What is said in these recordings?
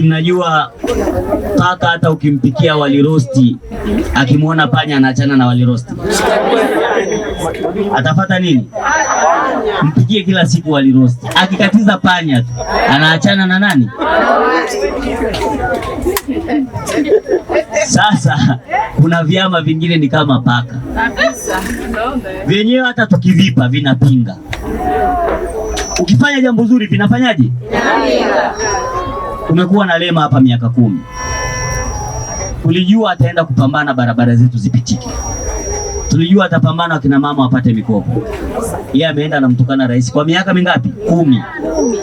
rosti, mnajua paka hata ukimpikia wali akimwona panya anaachana na wali rosti. Atafata nini? Mpikie kila siku wali akikatiza panya tu anaachana na nani? Sasa kuna vyama vingine ni kama paka vyenyewe, hata tukivipa vinapinga. Ukifanya jambo zuri vinafanyaje? Kumekuwa na lema hapa miaka kumi. Tulijua ataenda kupambana barabara zetu zipitike, tulijua atapambana wakina mama wapate mikopo. Yeye ameenda anamtukana rais kwa miaka mingapi? Kumi,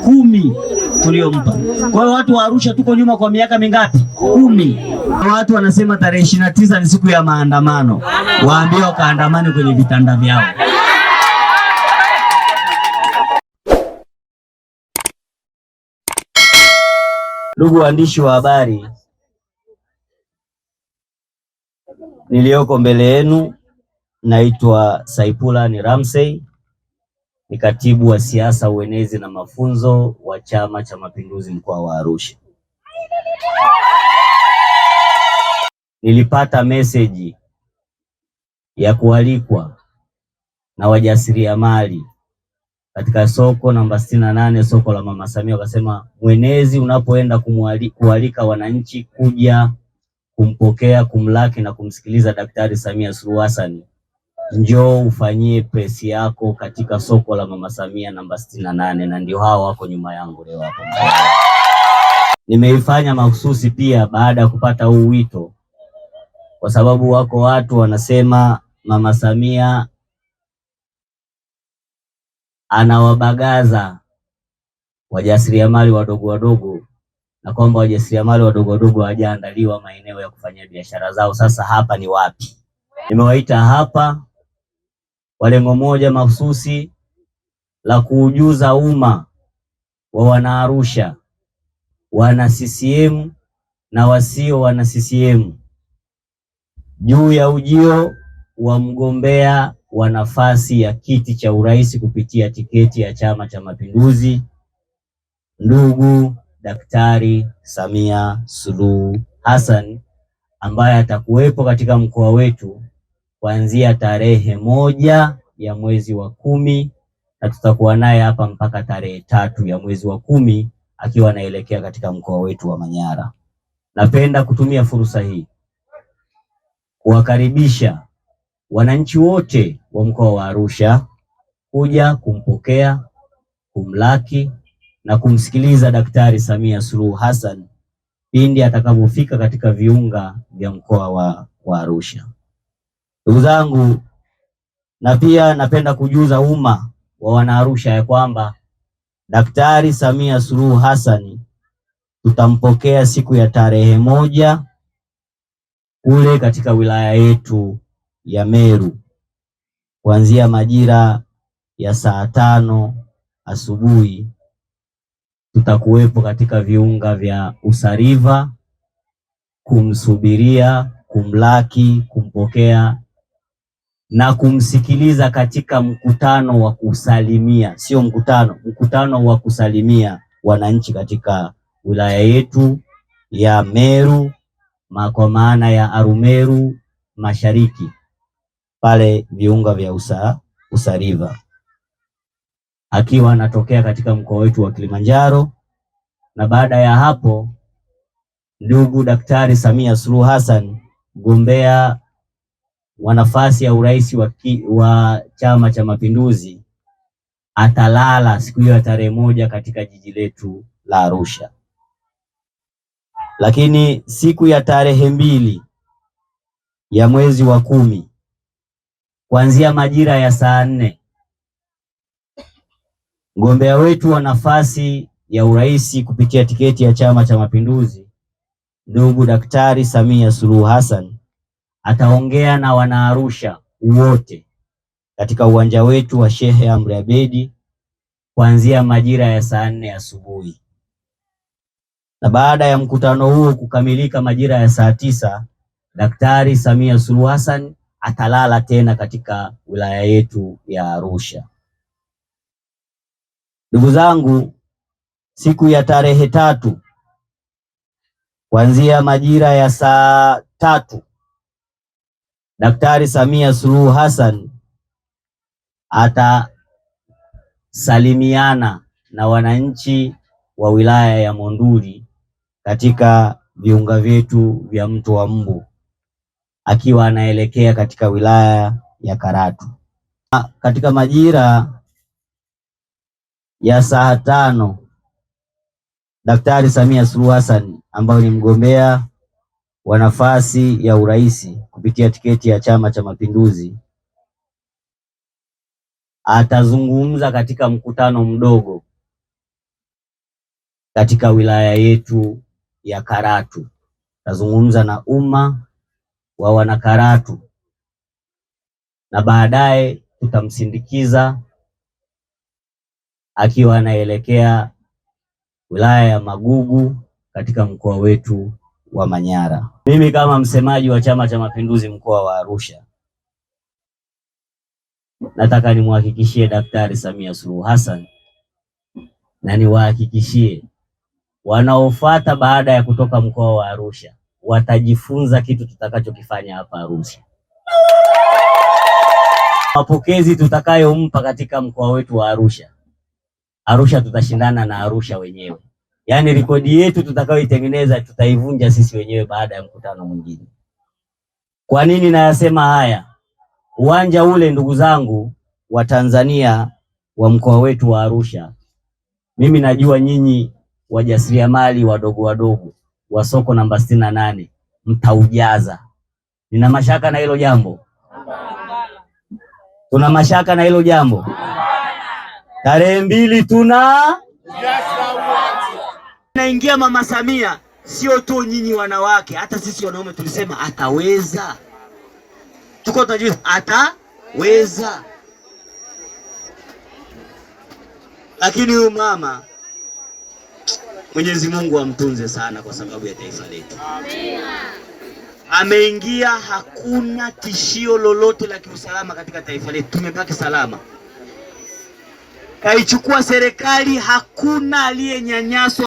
kumi tuliyompa. Kwa hiyo watu wa Arusha tuko nyuma kwa miaka mingapi? Kumi. Watu wanasema tarehe ishirini na tisa ni siku ya maandamano, waambie wakaandamani kwenye vitanda vyao. Ndugu waandishi wa habari niliyoko mbele yenu, naitwa Saipula ni Ramsey, ni katibu wa siasa, uenezi na mafunzo wa Chama cha Mapinduzi mkoa wa Arusha. Nilipata meseji ya kualikwa na wajasiriamali katika soko namba sitini na nane soko la Mama Samia, wakasema mwenezi unapoenda kualika wananchi kuja kumpokea, kumlaki na kumsikiliza Daktari Samia Suluhu Hassan, njoo ufanyie presi yako katika soko la Mama Samia namba sitini na nane na ndio hao wako nyuma yangu leo hapo. Nimeifanya mahususi pia baada ya kupata huu wito, kwa sababu wako watu wanasema Mama Samia anawabagaza wajasiriamali wadogo wadogo, na kwamba wajasiriamali wadogo wadogo hawajaandaliwa maeneo ya kufanyia biashara zao. Sasa hapa ni wapi? Nimewaita hapa kwa lengo moja mahususi la kuujuza umma wa Wanaarusha, wana CCM na wasio wana CCM juu ya ujio wa mgombea wa nafasi ya kiti cha urais kupitia tiketi ya Chama cha Mapinduzi, ndugu Daktari Samia Suluhu Hassan ambaye atakuwepo katika mkoa wetu kuanzia tarehe moja ya mwezi wa kumi na tutakuwa naye hapa mpaka tarehe tatu ya mwezi wa kumi akiwa anaelekea katika mkoa wetu wa Manyara. Napenda kutumia fursa hii kuwakaribisha wananchi wote wa mkoa wa Arusha kuja kumpokea, kumlaki na kumsikiliza Daktari Samia Suluhu Hassan pindi atakapofika katika viunga vya mkoa wa, wa Arusha. Ndugu zangu, na pia napenda kujuza umma wa Wanaarusha ya kwamba Daktari Samia Suluhu Hassan tutampokea siku ya tarehe moja kule katika wilaya yetu ya Meru kuanzia majira ya saa tano asubuhi tutakuwepo katika viunga vya Usariva kumsubiria, kumlaki, kumpokea na kumsikiliza katika mkutano wa kusalimia, sio mkutano, mkutano wa kusalimia wananchi katika wilaya yetu ya Meru, kwa maana ya Arumeru Mashariki pale viunga vya usa, Usariva akiwa anatokea katika mkoa wetu wa Kilimanjaro. Na baada ya hapo, ndugu Daktari Samia Suluhu Hassan mgombea wa nafasi ya urais wa, wa Chama cha Mapinduzi atalala siku hiyo ya tarehe moja katika jiji letu la Arusha. Lakini siku ya tarehe mbili ya mwezi wa kumi kuanzia majira ya saa nne mgombea wetu wa nafasi ya urais kupitia tiketi ya Chama cha Mapinduzi, ndugu Daktari Samia Suluhu Hassan ataongea na Wanaarusha wote katika uwanja wetu wa Shehe Amri Abedi kuanzia majira ya saa nne asubuhi, na baada ya mkutano huo kukamilika majira ya saa tisa, Daktari Samia Suluhu Hassan atalala tena katika wilaya yetu ya Arusha. Ndugu zangu, siku ya tarehe tatu kuanzia majira ya saa tatu Daktari Samia Suluhu Hassan atasalimiana na wananchi wa wilaya ya Monduli katika viunga vyetu vya Mto wa Mbu akiwa anaelekea katika wilaya ya Karatu. Katika majira ya saa tano Daktari Samia Suluhu Hassan ambayo ni mgombea wa nafasi ya urais kupitia tiketi ya Chama cha Mapinduzi atazungumza katika mkutano mdogo katika wilaya yetu ya Karatu. Atazungumza na umma wa wanakaratu na baadaye tutamsindikiza akiwa anaelekea wilaya ya Magugu katika mkoa wetu wa Manyara. Mimi kama msemaji wa Chama cha Mapinduzi mkoa wa Arusha nataka nimhakikishie Daktari Samia Suluhu Hassan na niwahakikishie wanaofuata baada ya kutoka mkoa wa Arusha watajifunza kitu tutakachokifanya hapa Arusha. Mapokezi tutakayompa katika mkoa wetu wa Arusha, Arusha tutashindana na Arusha wenyewe. Yaani rekodi yetu tutakayoitengeneza tutaivunja sisi wenyewe baada ya mkutano mwingine. Kwa nini nayasema haya? Uwanja ule ndugu zangu wa Tanzania wa mkoa wetu wa Arusha, mimi najua nyinyi wajasiriamali wadogo wadogo wa soko namba sitini na nane mtaujaza. Nina mashaka na hilo jambo? Tuna mashaka na hilo jambo? Tarehe mbili tuna naingia Mama Samia, sio tu nyinyi wanawake, hata sisi wanaume tulisema ataweza, tuko tunajua ataweza, lakini huyu mama Mwenyezi Mungu amtunze sana kwa sababu ya taifa letu. Amina. Ameingia, hakuna tishio lolote la kiusalama katika taifa letu, tumebaki salama. Kaichukua serikali, hakuna aliyenyanyaswa.